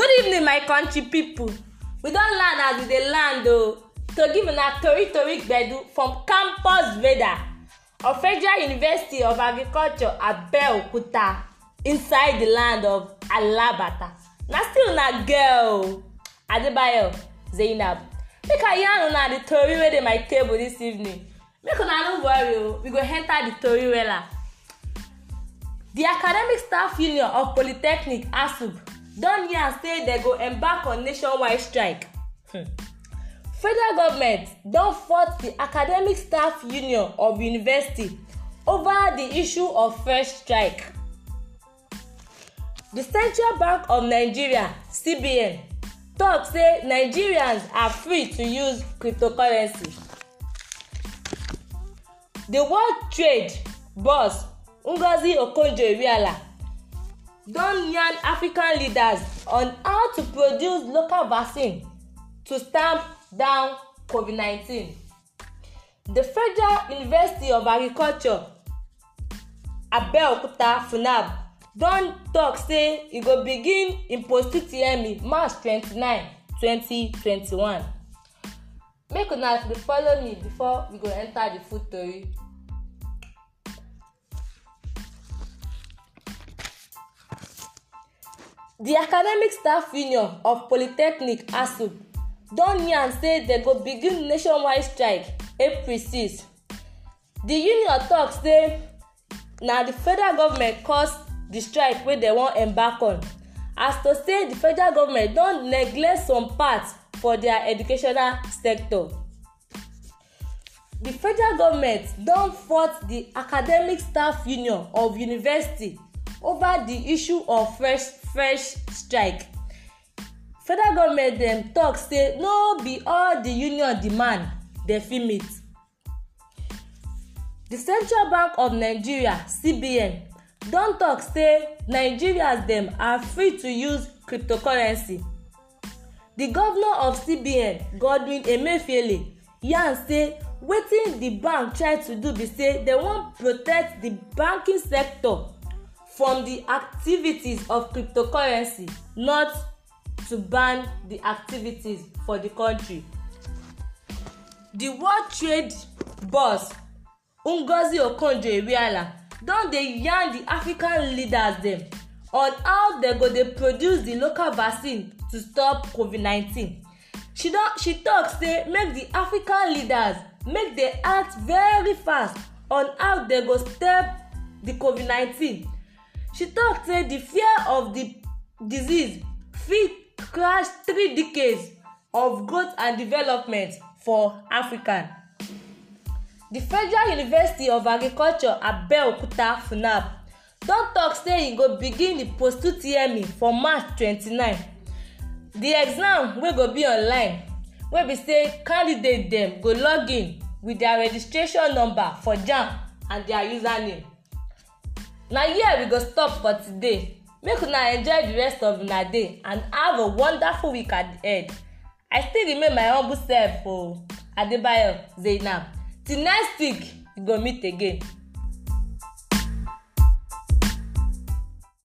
good evening my country people. we don land as we dey land o oh. to give una tori tori gbedu from campus veda of federal university of agriculture abeokuta inside the land of alabata na still una girl o oh. adebayo zainab make i yarn una the tori wey dey my table this evening make una no worry o oh. we go enter the tori wella. the academic staff union of polytechnic asub don yarn say dem go embark on nationwide strike federal government don fault di academic staff union of university over di issue of first strike di central bank of nigeria cbn tok say nigerians are free to use cryptocurrency di world trade boss ngozi okonjo-iweala don yarn african leaders on how to produce local vaccine to stamp down covid-19. the federal university of agriculture abeokuta funab don talk. say e go begin impose ttme march 29 2021 make una dey follow me before we go enter the food tori. di academic staff union of polytechnic Asu don yarn say dem go begin nationwide strike april 6 di union tok say na di federal government cause di strike wey dem wan embark on as to say di federal government don neglect some parts for dia educational sector di federal government don force di academic staff union of university over di issue of fresh fresh strike federal government dem tok say no be all di union demand dem fit meet di central bank of nigeria cbn don tok say nigerians dem are free to use cryptocurrency di govnor of cbn godwin emefiele yarn say wetin di bank try to do be say dem wan protect di banking sector from the activities of cryptocurrency not to ban the activities for the country. the world trade boss ngozi okonjo-iweala don dey yarn the african leaders dem on how dem go dey produce the local vaccine to stop covid-19 she don she talk say make the african leaders make dey act very fast on how dem go stop the covid-19 she tok say di fear of di disease fit crash three decades of growth and development for africa di federal university of agriculture abeokuta funab don tok say e go begin di post two tme for march twenty-nine di exam wey go be online wey be say candidate dem go log in wit dia registration number for jamb and dia username na here we go stop for today make una enjoy the rest of una day and have a wonderful week ahead i still remain my humble self o oh, adebayo zainab till next week we go meet again